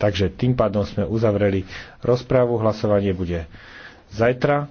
Takže tým pádom sme uzavreli rozprávu, hlasovanie bude zajtra.